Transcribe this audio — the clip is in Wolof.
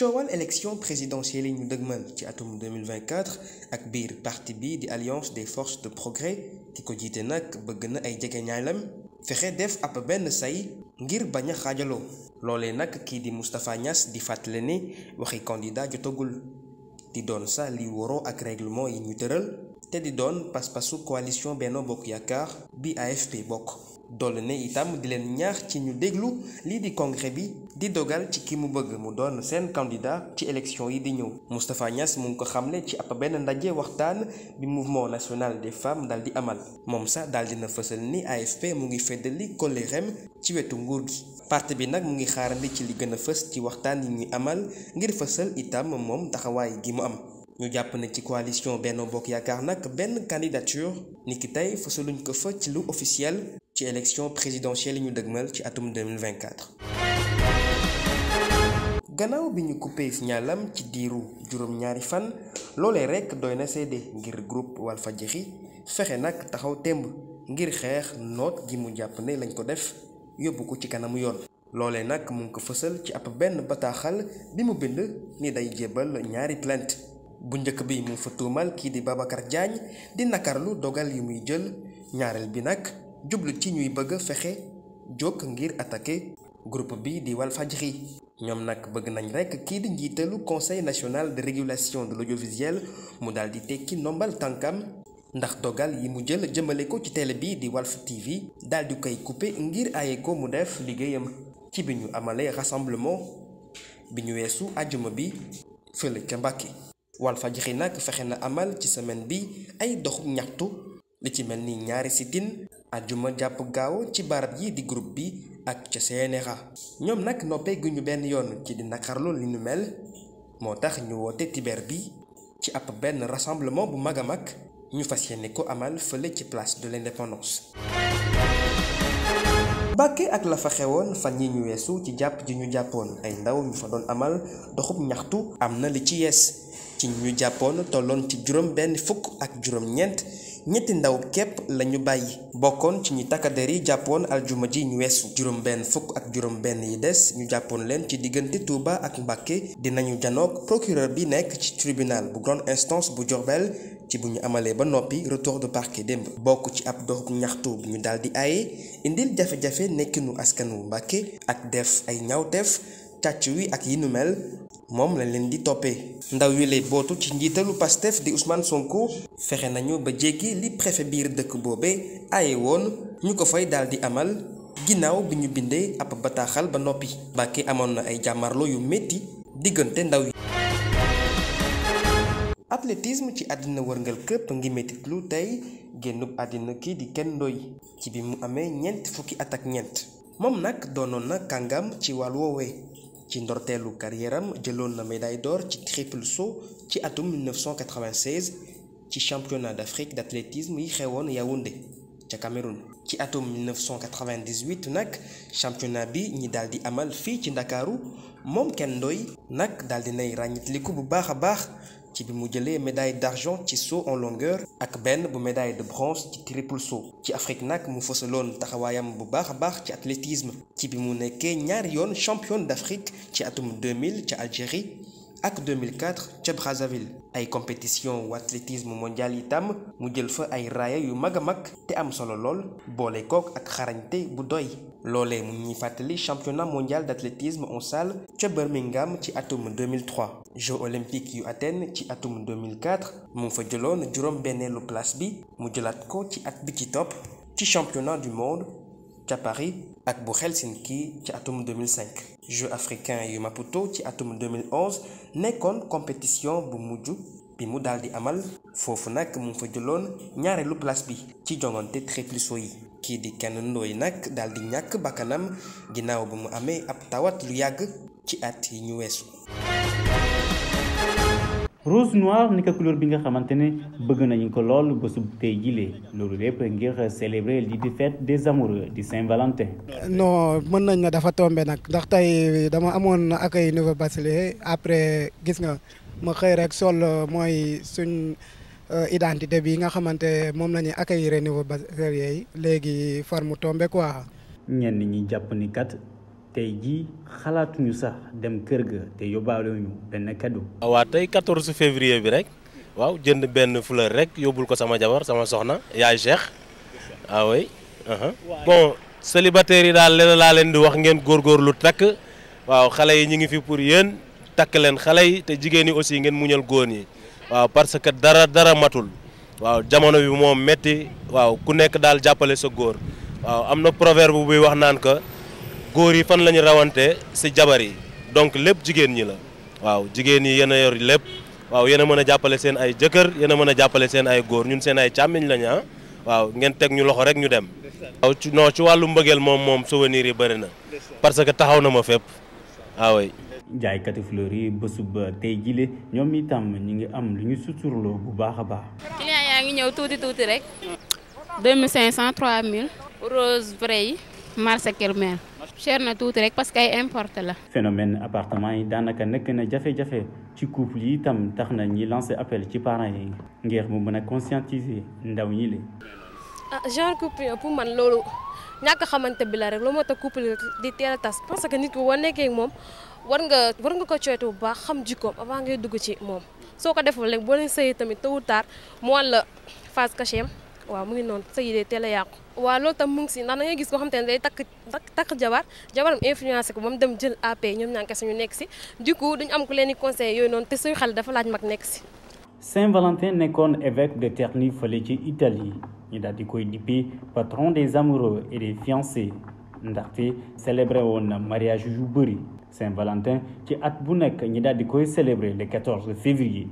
coowal élection présidentielle yi ñu dëgmal ci atum 2024 ak biir parti bi di alliance des forces de progrès ki ko jiite nag bëgg na ay jege jegeñaalam fexe def ab benn say ngir bañ a xaajaloo loole nag kii di Moustapha Niass di fàttale ne waxi candidat jotagul di doon sa li waroo ak règlement yi ñu tëral te di doon pas-pasu coalition benn Bokk Yaakaar bi AFP bokk dolli ne itam di leen ñaax ci ñu déglu lii di congrès bi di dogal ci ki mu bëgg mu doon seen candidat ci élection yi di ñëw Moustapha Niass mu ngi ko xamle ci ab benn ndaje waxtaan bi mouvement national des femmes dal di amal moom sax daal dina fësal ni AFP mu ngi li kollëreem ci wetu nguur gi parti bi nag mu ngi bi ci li gën a fës ci waxtaan yi ñuy amal ngir fësal itam moom taxawaay gi mu am ñu jàpp na ci coalition benn Bokk Yaakaar nag benn candidature niki tey fësaluñ ko fa ci lu officiel ci élection présidentielle yi ñu dëgmal ci atum 2024. gannaaw bi ñu coupé signalam ci diiru juróom-ñaari fan loole rek doy na seede ngir groupe Walfadjri fexe nag taxaw temb ngir xeex noot gi mu jàpp ne lañ ko def yóbbu ko ci kanamu yoon. loole nag mu ngi ko fësal ci ab benn bataaxal bi mu bind ni day jébbal ñaari plainte. bu njëkk bi mu fa tuumal kii di Babacar Diagne di nakarlu dogal yi muy jël ñaareel bi nag jublu ci ñuy bëgg fexe jóg ngir attaqué groupe bi di Walfadjri ñoom nag bëgg nañ rekk kii di njiitalu conseil national de régulation de l'audiovisuel mu daal di tekki ndombal tànkam ndax dogal yi mu jël jëmale ko ci télé bi di Walf TV daal di koy couper ngir aaye ko mu def liggéeyam ci bi ñu amale rassemblement bi ñu weesu ajuma bi fële ca Mbàkke Walfadjri nag fexe na amal ci semaine bi ay doxub ñaxtu li ci mel ni ñaari sitin ajuma jàpp gaaw ci barab yi di groupe bi ak ca CNRA ñoom nag noppee gu ñu benn yoon ci di naqarlu li ñu mel moo tax ñu woote tiber bi ci ab benn rassemblement bu mag a mag ñu fas yéene ko amal fële ci place de l'indépendance Mbàkke ak la fa xewoon fan yi ñu weesu ci jàpp ji ñu jàppoon ay ndaw ñu fa doon amal doxub ñaxtu am na li ci yees ci ñu jàppoon tolloon ci juróom fukk ak juróom ñetti ndaw képp lañu bàyyi bokkoon ci ñi takkader yi jàppoon aljuma ji ñu weesu juróom fukk ak juróom benn yi des ñu jàppoon leen ci diggante Touba ak dina ñu janoog procureur bi nekk ci tribunal bu grande instance bu Diourbel ci bu ñu amalee ba noppi retour de parquet démb bokk ci ab dox ñaxtu bu ñu daal di aaye indil jafe-jafe nekkinu askan wu Mbacké ak def ay ñawteef càcc wi ak yinu mel moom lañ leen di toppee ndaw yi lay bootu ci njiitalu Pastef di Ousmane Sonko fexe nañu ba jéggi li préfet biir dëkk boobe aaye woon ñu ko fay dal di amal ginnaaw bi ñu bindee ab bataaxal ba noppi Mbacké amoon na ay jàmmarloo yu metti diggante ndaw yi athlétisme ci àddina wërngal këpp ngi métit lu tey génnub àddina kii di Ken Ndoye ci bi mu amee ñeent fukki at ak ñeent moom nag doonoon na kàngam ci wàll woowee ci ndorteelu carrière am jëloon na médaille door ci triple saut ci atum 1996 ci championnat d'Afrique d'athlétisme yi xewoon Yaoundé ca Cameroun. ci atum 1998 nag championnat bi ñi daal di amal fii ci Ndakaaru moom kenn doy nag daal di nay ràññitliku bu baax a baax. ci bi mu jëlee médaille d'argent ci saut en longueur ak benn bu médaille de bronze ci triple saut ci Afrique nag mu fësaloon taxawaayam bu baax a baax ci athlétisme ci bi mu nekkee ñaari yoon championne d'Afrique ci atum 2000 ca Algérie ak 2004 ca Brazzaville ay compétition wu athlétisme mondial yitam mu jël fa ay raaya yu mag a mag te am solo lool boole kook ak xarañte bu doy loolee mu ñuy fàttali championnat mondial d'athlétisme on salle ca Birmingham ci atum 2003 jeux olympiques yu Athènes ci atum 2004 mu fa jëloon juróom benneelu place bi mu jëlaat ko ci at bi ci topp ci championnat du monde ca Paris ak bu Helsinki ci atum 2005 jeux africains yu Maputo ci atum 2011 nekkoon compétition bu mujj bi mu daal di amal foofu nag mu fa jëloon ñaareelu place bi ci jongante triple saut yi kii di Ken Ndoye nag daal di ñàkk bakkanam ginnaaw bi mu amee ab tawat lu yàgg ci at yi ñu weesu. rose noir ni ko bi nga xamante ne bëgg nañu ko lool bésub tey jilee loolu lépp ngir célébrer lii di fête des amoureux di Saint-Valentin. non mën nañ ne dafa tombe nag ndax tey dama amoon accueil nouveau bachelier après gis nga ma xëy rek sol euh, mooy suñ euh, identité bi nga xamante moom nañu ñuy accueillir nouveau bachelier yi léegi far mu tombé quoi. ñenn ñi jàpp ni kat. tey jii xalaatuñu sax dem kër ga te yóbbaalewuñu benn cadeau. Ah, waaw tey 14 février bi rek waaw jënd benn fleur rek yóbbul ko sama jabar sama soxna yaay Cheikh ah oui. Uh-huh. bon célibataires yi daal leen laa leen di wax ngeen góorgóorlu takk waaw xale yi ñu ngi fi pour yéen takk leen xale yi te jigéen yi aussi ngeen muñal góor yi waaw parce que dara dara matul waaw jamono bi moom metti waaw ku nekk daal jàppale sa góor waaw am na proverbe buy wax naan góor yi fan la ñu rawante si jabar yi donc lépp jigéen ñi la waaw jigéen ñi yéen a yor lépp waaw yéen a mën a jàppale seen ay jëkkër yéen a mën a jàppale seen ay góor ñun seen ay càmmiñ lañ ah waaw ngeen teg ñu loxo rek ñu dem. waaw ci non ci wàllu mbëggeel moom moom souvenir yi bëri na. parce que taxaw na ma fépp waaw. jaaykati fleur yi ba bésub euh, tey jile ñoom itam ñu ngi am lu ñu suturloo bu baax a baax. client yaa ngi ñëw tuuti tuuti rek. rose vrai yi. marché cher na tuuti rek parce que ay importe la. phénomène appartement yi daanaka nekk na jafe-jafe ci couple yi tam tax na ñi lancé appel ci parent yi ngir mu mën a conscientiser ndaw ñi li ah genre couple yi pour man loolu ñàkk xamante bi la rek lu moo tax couple di teel a tas parce que nit ko boo nekkee moom war nga war nga ko cooytu bu baax xam jikkoom avant ngay dugg ci moom soo ko deful rek boo leen tamit tamit tôt ou tard la wàll phase cachée waaw mu ngi noonu sa yi dee teel a yàqu waaw loolu tam mu ngi si ndax da ngay gis koo xam te ne day takk takk jabar jabaram influencé ko ba mu dem jël AP ñoom ñaanke suñu nekk si du coup dañu am ku leen di conseil yooyu noonu te suñu xale dafa laaj mag nekk si Saint-Valentin nekkoon évêque de Terni fële ci Italie ñu daal di koy dippee patron des amoureux et des fiancés ndaxte célébré woon na mariage yu bëri Saint-Valentin ci at bu nekk ñi daal di koy célébrer le 14 février